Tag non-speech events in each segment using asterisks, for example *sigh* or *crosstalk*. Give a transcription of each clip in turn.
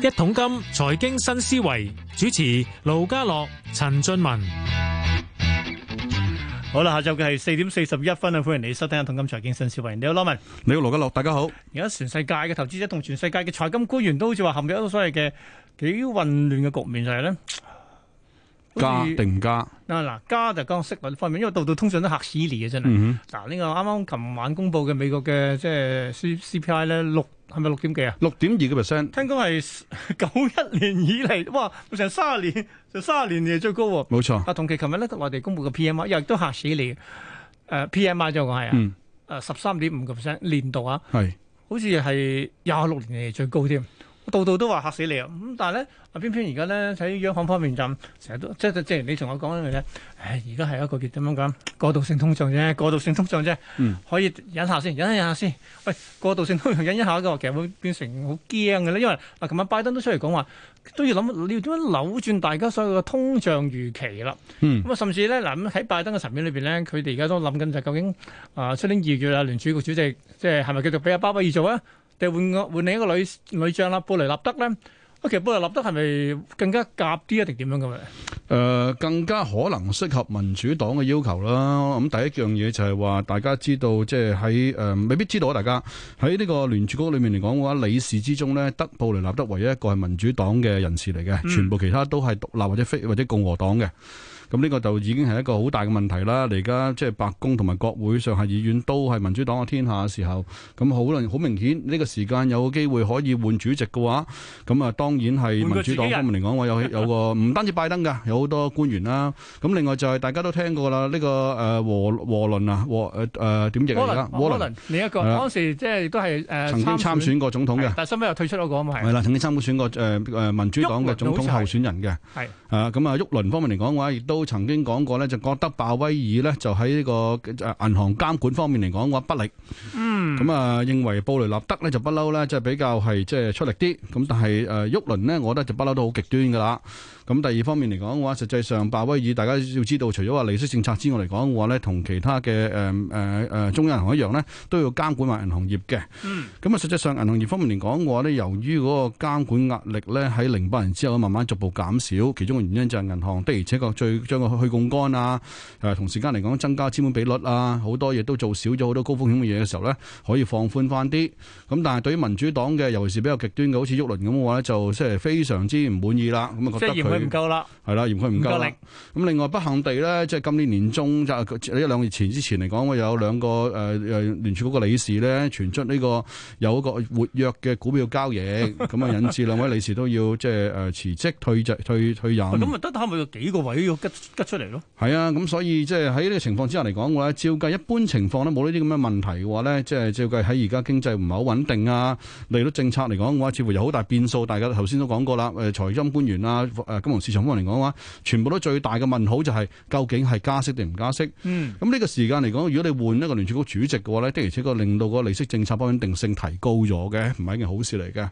一桶金財經新思維，主持盧家樂、陳俊文，好啦，下晝嘅係四點四十一分啊！歡迎你收聽一桶金財經新思維。你好，羅文，你好，盧家樂，大家好。而家全世界嘅投資者同全世界嘅財金官員都好似話陷入一個所謂嘅幾混亂嘅局面，就係咧。加定加嗱嗱、啊，加就講息率方面，因為度度通脹都吓死你嘅，真係。嗱呢、嗯哼啊這個啱啱琴晚公布嘅美國嘅即係 C C P I 咧，六係咪六點幾啊？六點二個 percent，聽講係九一年以嚟，哇，成三十年，成三十年嚟最高喎、啊。冇錯，啊，同期琴日咧內地公布嘅 P M I 又亦都吓死你誒、呃、，P M I 就講係啊，誒、嗯，十三點五個 percent 年度啊，係是，好似係廿六年嚟最高添、啊。到度都話嚇死你啊！咁但係咧，偏偏而家咧喺央行方面就成日都即係即係你同我講咧，誒而家係一個叫點樣講過度性通脹啫，過度性通脹啫，嗯、可以忍下，忍下先，忍下下先。喂，過度性通脹忍一下嘅話，其實會變成好驚嘅咧。因為嗱，琴日拜登都出嚟講話，都要諗你要點樣扭轉大家所有嘅通脹預期啦。咁啊、嗯，甚至咧嗱咁喺拜登嘅層面裏邊咧，佢哋而家都諗緊就究竟啊，出、呃、年二月啊，聯儲局主席即係係咪繼續俾阿鮑威爾做咧？就換個換另一個女女將啦，布雷納德咧，啊其實布雷納德係咪更加夾啲啊，定點樣咁啊？誒、呃，更加可能適合民主黨嘅要求啦。咁、嗯、第一樣嘢就係話，大家知道即係喺誒未必知道啊。大家喺呢個聯儲局裏面嚟講嘅話，理事之中咧，得布雷納德唯一一個係民主黨嘅人士嚟嘅，嗯、全部其他都係獨立或者非或者共和黨嘅。咁呢個就已經係一個好大嘅問題啦！而家即係白宮同埋國會上下議院都係民主黨嘅天下嘅時候，咁好耐好明顯，呢、這個時間有機會可以換主席嘅話，咁、嗯、啊當然係民主黨方面嚟講我有有個唔單止拜登嘅，有好多官員啦。咁、嗯、另外就係大家都聽過啦，呢個誒沃沃倫啊，沃誒誒點譯啊？沃倫，沃倫，你一個嗰陣時即係亦都係誒曾經參選過總統嘅。但係收尾又退出咗講話係。係啦，曾經參選過誒誒、呃呃、民主黨嘅總統候林選人嘅。係啊，咁啊沃倫方面嚟講話亦都。嗯嗯嗯嗯嗯曾經講過咧，就覺得鮑威爾咧就喺呢個誒銀行監管方面嚟講嘅話不力，嗯，咁啊認為布雷納德咧就不嬲咧，即係比較係即係出力啲，咁但係誒沃倫咧，我覺得就不嬲都好極端噶啦。咁第二方面嚟講嘅話，實際上鮑威爾大家要知道，除咗話利息政策之外嚟講嘅話咧，同其他嘅誒誒誒中央銀行一樣咧，都要監管埋銀行業嘅。嗯。咁啊，實際上銀行業方面嚟講嘅話咧，由於嗰個監管壓力咧喺零八年之後慢慢逐步減少，其中嘅原因就係銀行的而且確最將佢去槓桿啊，誒、啊、同時間嚟講增加資本比率啊，好多嘢都做少咗好多高風險嘅嘢嘅時候咧，可以放寬翻啲。咁但係對於民主黨嘅，尤其是比較極端嘅，好似沃倫咁嘅話咧，就即係非常之唔滿意啦。咁啊覺得佢。佢唔夠啦，係啦，嫌佢唔夠，夠力。咁另外不幸地咧，即係今年年中就是、一兩月前之前嚟講，我有兩個誒誒聯儲局個理事咧，傳出呢、這個有一個活躍嘅股票交易，咁啊 *laughs* 引致兩位理事都要即係誒、呃、辭職退退退任。咁啊，得差唔多幾個位要吉拮出嚟咯。係啊，咁所以即係喺呢個情況之下嚟講嘅話，照計一般情況咧，冇呢啲咁嘅問題嘅話咧，即係照計喺而家經濟唔係好穩定啊，利率政策嚟講嘅話，似乎有好大變數。大家頭先都講過啦，誒財金官員啊，誒、呃。呃金融市場方面嚟講嘅話，全部都最大嘅問號就係究竟係加息定唔加息？嗯。咁呢個時間嚟講，如果你換一個聯儲局主席嘅話咧，的而且確令到個利息政策不穩定性提高咗嘅，唔係一件好事嚟嘅。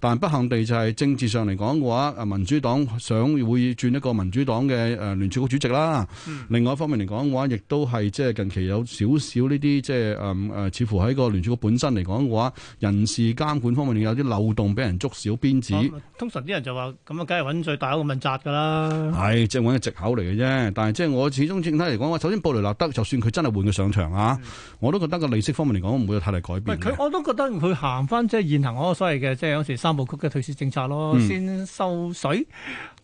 但不幸地就係政治上嚟講嘅話，啊民主黨想會轉一個民主黨嘅誒聯儲局主席啦。嗯。另外一方面嚟講嘅話，亦都係即係近期有少少呢啲即係誒誒，似乎喺個聯儲局本身嚟講嘅話，人事監管方面有啲漏洞俾人捉小辮子。啊、通常啲人就話：咁啊，梗係揾最大扎噶啦，係即係搵個借口嚟嘅啫。但係即係我始終整體嚟講，我首先布雷納德就算佢真係換咗上場啊，嗯、我都覺得個利息方面嚟講唔會有太大改變。佢，我都覺得佢行翻即係現行個所謂嘅即係有時三部曲嘅退市政策咯，嗯、先收水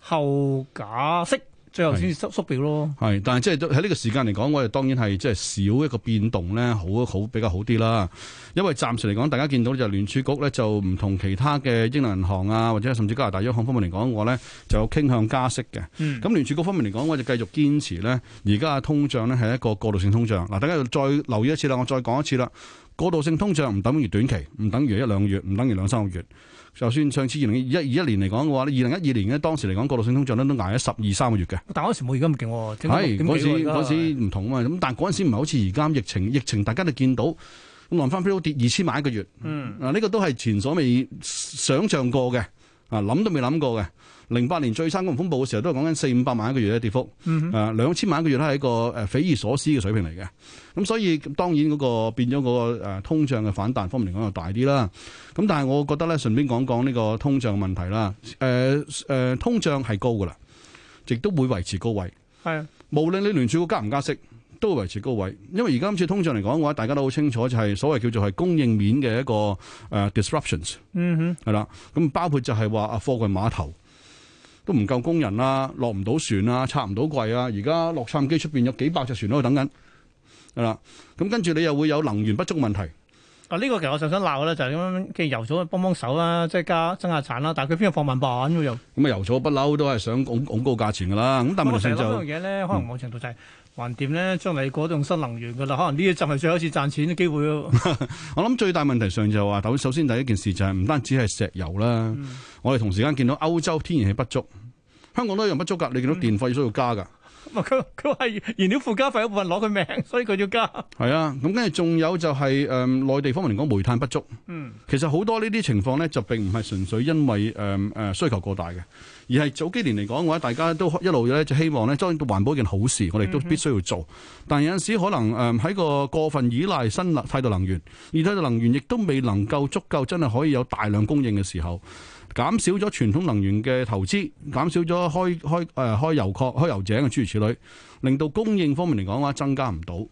後加息。即係先縮縮表咯，係，但係即係喺呢個時間嚟講，我哋當然係即係少一個變動咧，好好比較好啲啦。因為暫時嚟講，大家見到就聯儲局咧就唔同其他嘅英倫銀行啊，或者甚至加拿大央行方面嚟講，我咧就有傾向加息嘅。咁聯儲局方面嚟講，我就繼續堅持咧，而家嘅通脹咧係一個過渡性通脹。嗱，大家要再留意一次啦，我再講一次啦，過渡性通脹唔等於短期，唔等於一兩個月，唔等於兩三個月。就算上次二零一二一年嚟講嘅話，二零一二年嘅當時嚟講，過渡性通脹咧都挨咗十二三個月嘅、啊啊是。但嗰時冇而家咁勁，係，嗰時嗰時唔同啊！咁但係嗰時唔係好似而家疫情，疫情大家都見到藍番飛都跌二千萬一個月。嗯，啊呢、這個都係前所未想像過嘅。啊諗都未諗過嘅，零八年最生金融風暴嘅時候都係講緊四五百萬一個月嘅跌幅，誒兩、嗯哼啊、千萬一個月咧係一個誒匪夷所思嘅水平嚟嘅。咁、啊、所以當然嗰、嗰個變咗、嗰個誒、啊、通脹嘅反彈方面嚟講又大啲啦。咁、啊、但係我覺得咧順便講講呢個通脹嘅問題啦。誒、呃、誒、呃、通脹係高噶啦，亦都會維持高位。係的，無論你聯儲會加唔加息。都會維持高位，因為而家今次通常嚟講嘅話，大家都好清楚，就係、是、所謂叫做係供應鏈嘅一個誒、uh, disruptions，嗯哼，係啦，咁包括就係話啊貨櫃碼頭都唔夠工人啦、啊，落唔到船啊，拆唔到櫃啊，而家洛杉磯出邊有幾百隻船喺度等緊，係啦，咁跟住你又會有能源不足問題。啊，呢、這個其實我就想鬧啦，就係、是、咁樣，嘅油咗去幫幫手啦，即係加增下產啦，但係佢邊有放慢板又？咁啊油咗不嬲都係想拱高價錢㗎啦，咁但係問題就係嗰樣嘢咧，可能某程度就係。嗯橫掂咧，將嚟嗰種新能源噶啦，可能呢啲就係最後一次賺錢嘅機會。 *laughs* 我諗最大問題上就話、是，首先第一件事就係唔單止係石油啦，嗯、我哋同時間見到歐洲天然氣不足，香港都一樣不足噶，你見到電費要需要加噶。嗯佢佢話燃料附加費一部分攞佢命，所以佢要加。係啊，咁跟住仲有就係誒內地方面嚟講，煤炭不足。嗯，其實好多呢啲情況咧就並唔係純粹因為誒、誒、呃、需求過大嘅，而係早幾年嚟講，我者大家都一路咧就希望咧，當然環保一件好事，我哋都必須要做。嗯、哼但有陣時可能誒喺、呃、個過分依賴新能替代能源，而替代能源亦都未能夠足夠真係可以有大量供應嘅時候。減少咗傳統能源嘅投資，減少咗開開誒、呃、開油礦、開油井啊，諸如此類，令到供應方面嚟講嘅話增加唔到，咁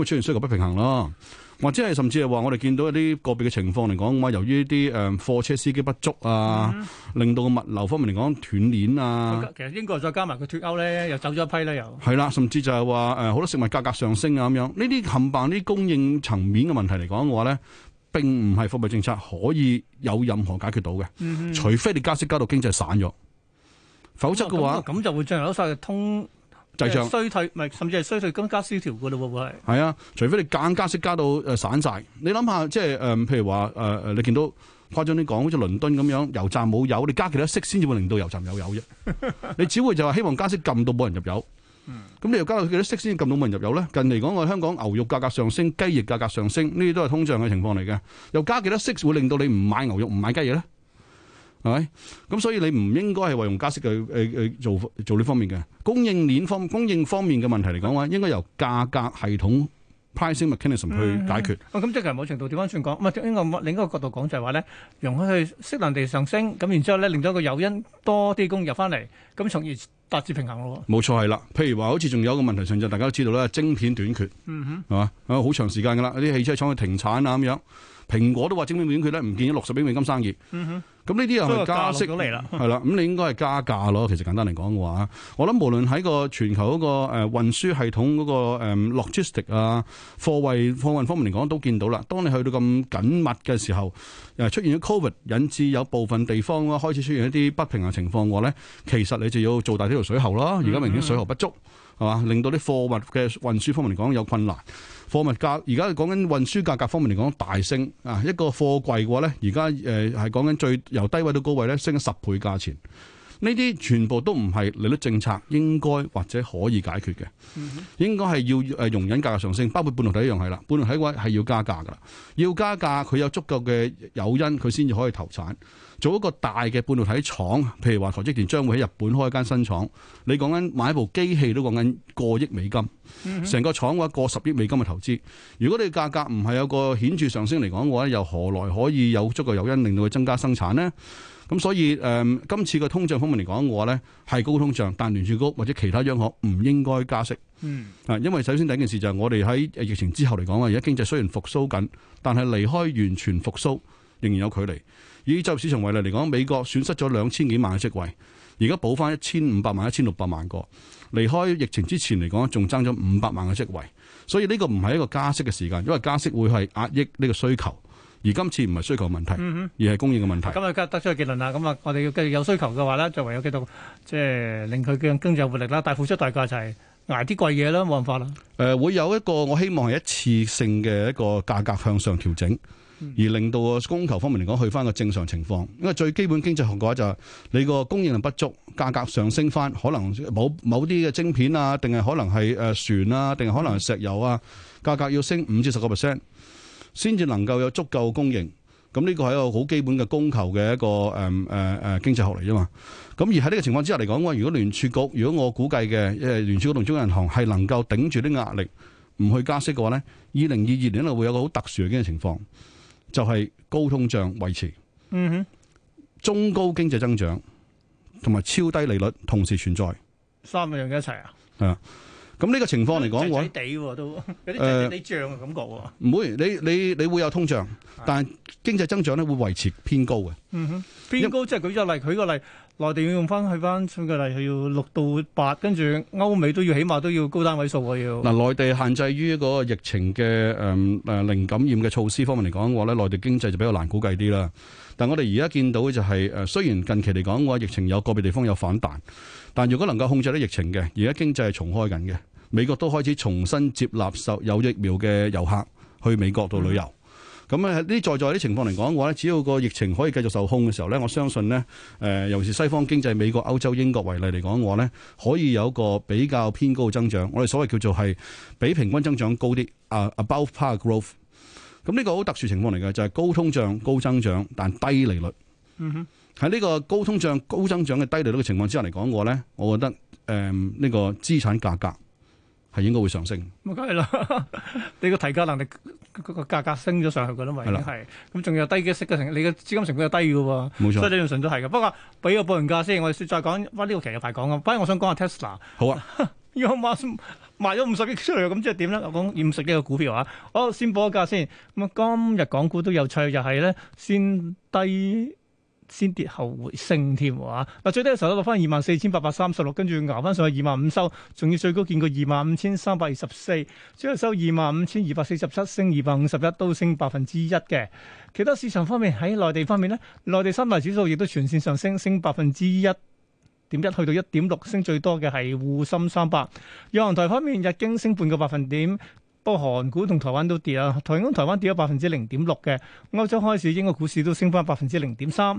啊出現需求不平衡咯。或者係甚至係話我哋見到一啲個別嘅情況嚟講嘅話，由於啲誒貨車司機不足啊，令到物流方面嚟講斷鏈啊。其實英國再加埋個脱歐咧，又走咗一批啦，又。係啦，甚至就係話誒好多食物價格上升啊咁樣，呢啲冚唪唥啲供應層面嘅問題嚟講嘅話咧。並唔係貨幣政策可以有任何解決到嘅，除非你加息加到經濟散咗，否則嘅話咁、嗯啊、就會進入晒嘅通滯脹、衰退，唔係甚至係衰退更加蕭條嘅咯喎，會係係啊，除非你降加，加息加到誒、呃、散晒，你諗下即係誒，譬如話誒誒，你見到誇張啲講，好似倫敦咁樣油站冇油，你加幾多息先至會令到油站有油啫？你只會就話希望加息撳到冇人入油。咁你又加到幾多息先撳到冇人入油咧？近嚟講，我香港牛肉價格上升，雞翼價格上升，呢啲都係通脹嘅情況嚟嘅。又加幾多息會令到你唔買牛肉、唔買雞翼咧？係咪？咁所以你唔應該係話用加息去誒誒做做呢方面嘅供應鏈方供應方面嘅問題嚟講話，應該由價格系統 pricing mechanism 去解決。哦，咁即係某程度點翻轉講，唔係另一個另一個角度講就係話咧，用去適量地上升，咁然之後咧令到一個誘因多啲供入翻嚟，咁從而。達至平衡咯，冇錯係啦。譬如話，好似仲有一個問題上就大家都知道咧，晶片短缺，係嘛、嗯哼，啊好長時間噶啦，啲汽車廠去停產啊咁樣，蘋果都話晶片短缺咧，唔見咗六十幾美金生意。嗯哼咁呢啲又咪加息，嚟係啦，咁你應該係加價咯。其實簡單嚟講嘅話，我諗無論喺個全球嗰個誒運輸系統嗰個誒 logistic 啊，貨位貨運方面嚟講都見到啦。當你去到咁緊密嘅時候，誒、呃、出現咗 covid 引致有部分地方開始出現一啲不平衡情況嘅話咧，其實你就要做大呢條水喉咯。而家明顯水喉不足。嗯嗯係嘛？令到啲貨物嘅運輸方面嚟講有困難，貨物價而家講緊運輸價格方面嚟講大升啊！一個貨櫃嘅話咧，而家誒係講緊最由低位到高位咧，升咗十倍價錢。呢啲全部都唔係利率政策應該或者可以解決嘅，應該係要誒容忍價格上升，包括半導體一樣係啦。半導體嘅話係要加價㗎喇，要加價佢有足夠嘅誘因，佢先至可以投產。做一個大嘅半導體廠，譬如話台積電將會喺日本開一間新廠，你講緊買一部機器都講緊過億美金，成個廠嘅話過十億美金嘅投資。如果你價格唔係有個顯著上升嚟講嘅話，又何來可以有足夠誘因令到佢增加生產呢？咁所以誒、嗯，今次嘅通脹方面嚟講嘅話，咧係高通脹，但聯儲局或者其他央行唔應該加息。嗯。啊，因為首先第一件事就係我哋喺疫情之後嚟講，啊，而家經濟雖然復蘇緊，但係離開完全復蘇仍然有距離。以就市場為例嚟講，美國損失咗兩千幾萬嘅職位，而家補翻一千五百萬、一千六百萬個，離開疫情之前嚟講，仲爭咗五百萬嘅職位。所以呢個唔係一個加息嘅時間，因為加息會係壓抑呢個需求。而今次唔係需求問題，而係供應嘅問題。咁啊，得得出個結論啦。咁啊，我哋要繼續有需求嘅話咧，就唯有幾多即係令佢嘅經濟有活力啦。但係付出代價就係捱啲貴嘢啦，冇辦法啦。誒，會有一個我希望係一次性嘅一個價格向上調整，而令到供求方面嚟講去翻個正常情況。因為最基本經濟學嘅話就係你個供應不足，價格上升翻，可能某某啲嘅晶片啊，定係可能係誒船啊，定係可能係石油啊，價格要升五至十個 percent。先至能夠有足夠供應，咁呢個係一個好基本嘅供求嘅一個誒誒誒經濟學嚟啫嘛。咁而喺呢個情況之下嚟講，話如果聯儲局，如果我估計嘅，誒聯儲局同中央銀行係能夠頂住啲壓力，唔去加息嘅話咧，二零二二年度會有個好特殊嘅經濟情況，就係、是、高通脹維持，嗯哼，中高經濟增長，同埋超低利率同時存在，三個樣嘅一齊啊。係啊。咁呢個情況嚟講，我話地都有啲漲嘅感覺喎。唔、呃、會，你你你會有通脹，的但係經濟增長咧會維持偏高嘅。嗯哼，偏高為即係舉咗例，舉個例，內地要用翻去翻，舉個例係要六到八，跟住歐美都要起碼都要高單位數喎。要嗱，內、呃、地限制於嗰個疫情嘅誒誒零感染嘅措施方面嚟講，嘅話咧，內地經濟就比較難估計啲啦。但我哋而家見到就係、是、誒、呃，雖然近期嚟講嘅話，疫情有個別地方有反彈。但如果能夠控制到疫情嘅，而家經濟係重開緊嘅，美國都開始重新接納受有疫苗嘅遊客去美國度旅遊。咁啊、嗯，呢、嗯、在在啲情況嚟講嘅話咧，只要個疫情可以繼續受控嘅時候咧，我相信咧，誒、呃，尤其是西方經濟，美國、歐洲、英國為例嚟講嘅話咧，可以有一個比較偏高嘅增長。我哋所謂叫做係比平均增長高啲，啊、uh,，above par growth。咁、嗯、呢、呢個好特殊情況嚟嘅，就係、是、高通脹、高增長，但低利率。嗯哼。喺呢個高通脹、高增長嘅低利率嘅情況之下嚟講，我咧，我覺得誒呢、嗯這個資產價格係應該會上升。咁梗係啦，你個提價能力，嗰個價格,格升咗上去噶啦嘛，已經係咁，仲有、嗯、低息息嘅成，你嘅資金成本又低噶喎，冇錯。所以一樣純都係嘅。不過俾個報完價先，我哋再講翻呢個期有排講。反正我想講下 Tesla。好啊，亞賣咗五十億出嚟，咁即係點咧？講五十億嘅股票啊？好，先報個價先。咁啊，今日港股都有趣，就係咧先低。先跌後回升添啊！嗱，最低嘅時候落翻二萬四千八百三十六，36，跟住熬翻上去二萬五收，仲要最高見過二萬五千三百二十四，最後收二萬五千二百四十七，升二百五十一，都升百分之一嘅。其他市場方面喺內地方面咧，內地三大指數亦都全線上升，升百分之一點一去到一點六，升最多嘅係滬深三百。亞航台方面，日經升半個百分點。不過韓股同台灣都跌啊。台香台灣跌咗百分之零點六嘅。歐洲開市英國股市都升翻百分之零點三。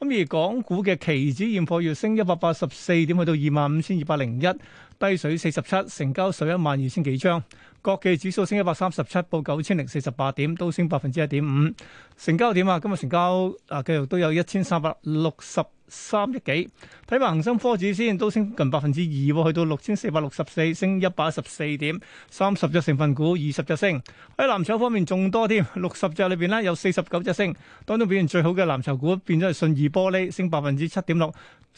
咁而港股嘅期指現貨月升一百八十四點去到二萬五千二百零一，低水四十七，成交十一萬二千幾張。國企指數升一百三十七到九千零四十八點，都升百分之一點五。成交點啊，今日成交啊繼續都有一千三百六十。三億幾，睇埋恒生科指先，都升近百分之二，去到六千四百六十四，升一百一十四點，三十隻成分股，二十隻升。喺藍籌方面仲多添，六十隻裏邊咧有四十九隻升，當中表現最好嘅藍籌股變咗係信義玻璃，升百分之七點六。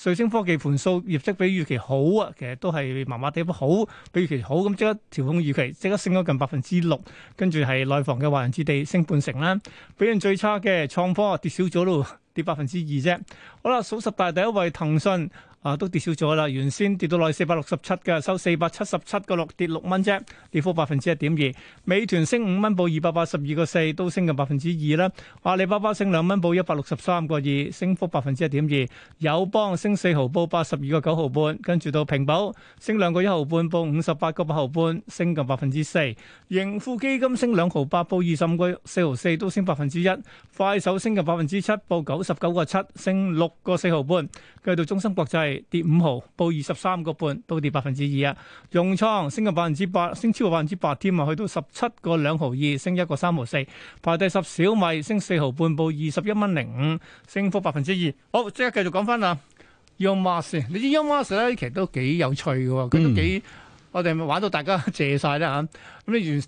瑞聲科技盤數，業績比預期好啊，其實都係麻麻地，好比預期好咁即刻調控預期，即刻升咗近百分之六，跟住係內房嘅華潤置地升半成啦。表現最差嘅創科跌少咗咯。跌百分之二啫，好啦，數十大第一位，騰訊。啊，都跌少咗啦！原先跌到落去四百六十七嘅，收四百七十七個六，跌六蚊啫，跌幅百分之一點二。美團升五蚊，報二百八十二個四，都升近百分之二啦。阿里巴巴升兩蚊，報一百六十三個二，升幅百分之一點二。友邦升四毫，報八十二個九毫半，跟住到平保升兩個一毫半，報五十八個八毫半，升近百分之四。盈富基金升兩毫八，報二十五個四毫四，都升百分之一。快手升近百分之七，報九十九個七，升六個四毫半。繼續到中芯國際。跌五毫，報二十三個半，都跌百分之二啊！用倉升近百分之八，升超過百分之八添啊！去到十七個兩毫二，升一個三毫四，排第十。小米升四毫半，報二十一蚊零五，升幅百分之二。好，即刻繼續講翻啊！You 亞馬遜，你知 You 亞馬遜咧，其實都幾有趣嘅，佢都幾，嗯、我哋咪玩到大家謝晒啦吓。咁、啊、你原，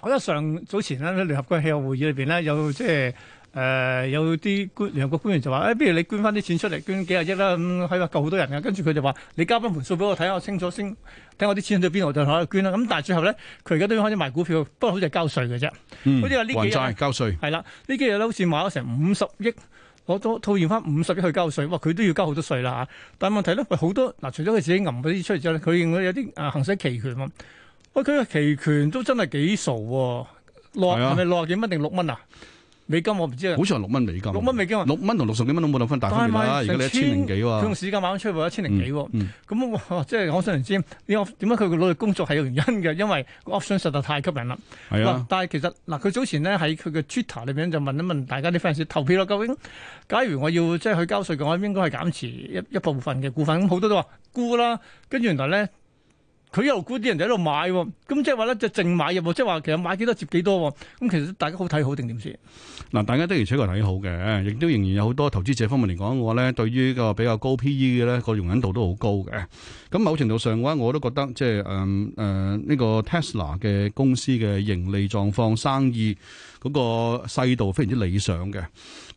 我覺得上早前咧，聯合國氣候會議裏邊咧，有即係。誒、呃、有啲官兩個官員就話：誒、哎，不如你捐翻啲錢出嚟，捐幾廿億啦，咁係話救好多人噶。跟住佢就話：你交翻盤數俾我睇下，我清楚先，睇我啲錢去到邊度就可以捐啦。咁但係最後咧，佢而家都要開始賣股票，不過好似係交稅嘅啫。嗯，還債交稅係啦，呢幾日咧好似賣咗成五十億，攞咗套現翻五十億去交稅。哇，佢都要交好多稅啦嚇。但係問題咧，喂好多嗱，除咗佢自己揞嗰啲出嚟之後咧，佢應該有啲誒行使期權咁。喂、哎，佢嘅期權都真係幾傻喎，六係咪六廿幾蚊定六蚊啊？是美金我唔知啊，好似係六蚊美金，六蚊美金，六蚊同六十幾蚊都冇兩分大分別啦。而家你一千零幾喎，佢用時間買翻出一千零幾喎。咁哇，即係我真係唔知。你點解佢嘅努力工作係有原因嘅？因為個 option 實在太吸引、啊、啦。係啊，但係其實嗱，佢早前咧喺佢嘅 Twitter 裏邊就問一問大家啲 fans 投票咯。究竟假如我要即係去交稅嘅話，我應該係減持一一部分嘅股份。咁好多都話沽啦，跟住原來咧。佢又估啲人就喺度買喎，咁即係話咧就淨買入，即係話其實買幾多接幾多，咁其實大家好睇好定點先？嗱，大家的而且確睇好嘅，亦都仍然有好多投資者方面嚟講嘅話咧，對於個比較高 PE 嘅咧個容忍度都好高嘅。咁某程度上嘅話，我都覺得即係誒誒呢個 Tesla 嘅公司嘅盈利狀況、生意嗰個細度非常之理想嘅。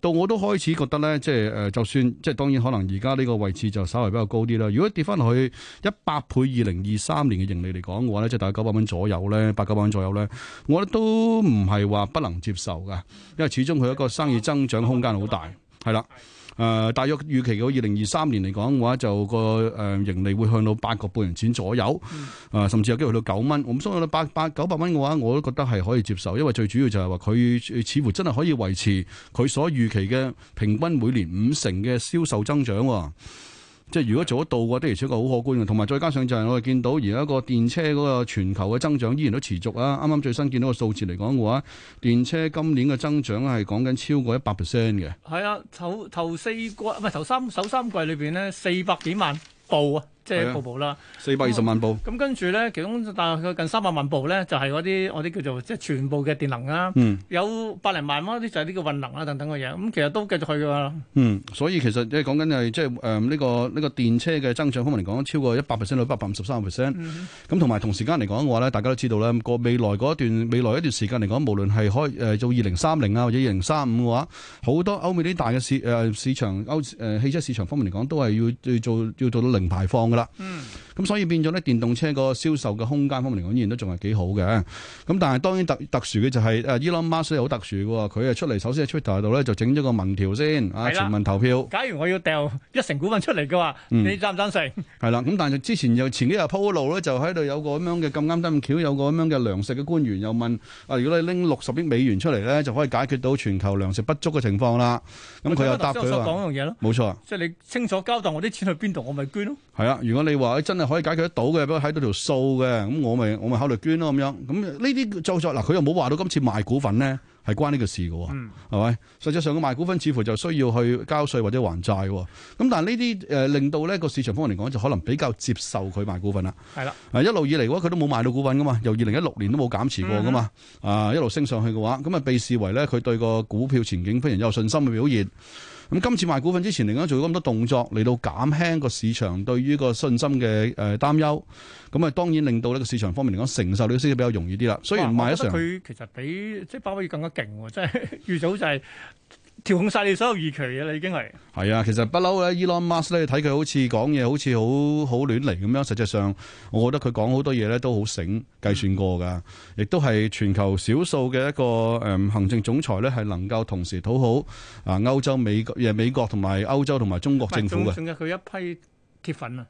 到我都開始覺得咧，即係誒、呃，就算即係當然可能而家呢個位置就稍微比較高啲啦。如果跌翻落去一百倍二零二三年嘅盈利嚟講嘅話咧，即係大概九百蚊左右咧，八九百蚊左右咧，我咧都唔係話不能接受嘅，因為始終佢一個生意增長空間好大，係啦。誒，大約預期喺二零二三年嚟講嘅話，就個誒盈利會向到八個半銀錢左右，誒甚至有機會去到九蚊。咁所以咧，八八九百蚊嘅話，我都覺得係可以接受，因為最主要就係話佢似乎真係可以維持佢所預期嘅平均每年五成嘅銷售增長。即係如果做得到嘅，的而且確好可觀嘅。同埋再加上就係我哋見到而家個電車嗰個全球嘅增長依然都持續啊！啱啱最新見到個數字嚟講嘅話，電車今年嘅增長係講緊超過一百 percent 嘅。係啊，頭頭四季唔係頭三首三季裏邊咧，四百幾萬部。即係部部啦，四百二十萬部。咁跟住咧，其中大概近三百萬部咧，就係嗰啲我啲叫做即係全部嘅電能啦。嗯、有百零萬蚊啲就係呢個運能啦等等嘅嘢。咁、嗯、其實都繼續去㗎嘛、啊。嗯，所以其實即係講緊係即係誒呢個呢、這個電車嘅增長方面嚟講，超過一百 percent 到一百五十三 percent。咁同埋同時間嚟講嘅話咧，大家都知道咧，個未來一段未來一段時間嚟講，無論係開誒到二零三零啊或者二零三五嘅話，好多歐美啲大嘅市誒市場歐誒汽車市場方面嚟講，都係要要做要做到零排放嘅。嗯，咁所以變咗咧，電動車個銷售嘅空間方面嚟講，依然都仲係幾好嘅。咁但係當然特殊、e、特殊嘅就係誒，Elon Musk 好特殊嘅，佢啊，出嚟首先喺 Twitter 度咧就整咗個民調先啊，全民的投票。假如我要掉一成股份出嚟嘅話，嗯、你贊唔贊成？係啦，咁但係之前又前幾日鋪路咧，就喺度有個咁樣嘅咁啱得咁巧，有個咁樣嘅糧食嘅官員又問啊，如果你拎六十億美元出嚟咧，就可以解決到全球糧食不足嘅情況啦。咁佢又答佢話，即係、啊、你清楚交代我啲錢去邊度，我咪捐咯。係啊。如果你話真係可以解決得到嘅，不過睇到條數嘅，咁我咪我咪考慮捐咯咁樣。咁呢啲做作，嗱佢又冇話到今次賣股份咧，係關呢個事嘅，係咪、嗯？實際上個賣股份似乎就需要去交稅或者還債。咁但係呢啲誒令到咧個市場方面嚟講，就可能比較接受佢賣股份啦。係啦的，啊一路以嚟嘅話，佢都冇賣到股份噶嘛，由二零一六年都冇減持過噶嘛，嗯、哼啊一路升上去嘅話，咁啊被視為咧佢對個股票前景非常有信心嘅表現。咁今次賣股份之前嚟講做咗咁多動作，嚟到減輕個市場對於個信心嘅誒擔憂，咁啊當然令到呢個市場方面嚟講承受呢啲先比較容易啲啦。雖哇然唔賣上成，佢其實比即係巴菲特更加勁，即係預早就係、是。 *laughs* 調控晒你所有預期嘅啦，已經係係啊，其實不嬲嘅，Elon Musk 咧睇佢好似講嘢好似好好亂嚟咁樣，實際上我覺得佢講好多嘢咧都好醒，計算過噶，亦都係全球少數嘅一個誒行政總裁咧係能夠同時討好啊歐洲、美國、誒美國同埋歐洲同埋中國政府嘅。仲有佢一批鐵粉啊！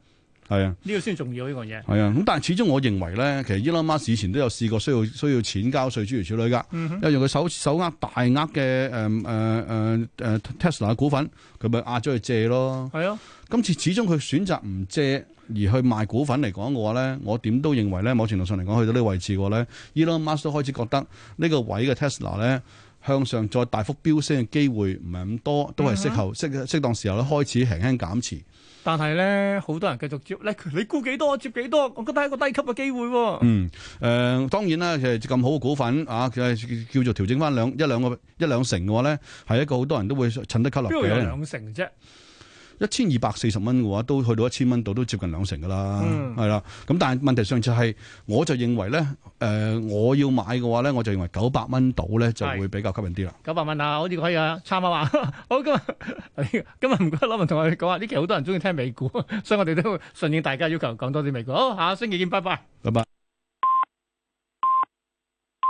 係啊，呢個先重要呢個嘢。係啊，咁但係始終我認為咧，其實 Elon Musk 以前都有試過需要需要錢交稅，諸如此類噶。嗯哼，佢手手握大額嘅誒誒誒誒 Tesla 嘅股份，佢咪壓咗去借咯。係啊的，今次始終佢選擇唔借而去賣股份嚟講嘅話咧，我點都認為咧，某程度上嚟講，去到呢個位置嘅話咧，Elon Musk 都開始覺得呢個位嘅 Tesla 咧向上再大幅飆升嘅機會唔係咁多，都係適合適適當時候咧開始輕輕減持。嗯但係咧，好多人繼續接，你你估幾多？接幾多？我覺得係一個低級嘅機會喎、哦。嗯，誒、呃、當然啦，其實咁好嘅股份啊，佢係叫做調整翻兩一兩個一兩成嘅話咧，係一個好多人都會趁得吸落嘅。邊有兩成啫？一千二百四十蚊嘅話，都去到一千蚊度，都接近兩成噶啦，係啦、嗯。咁但係問題上就係、是，我就認為咧，誒、呃，我要買嘅話咧，我就認為九百蚊度咧就會比較吸引啲啦。九百蚊啊，好似可以啊，撐下話。 *laughs* 好，今日今日唔該，攞埋同我哋講啊。呢期好多人中意聽美股，所以我哋都會順應大家要求，講多啲美股。好，下星期見，拜拜。拜拜。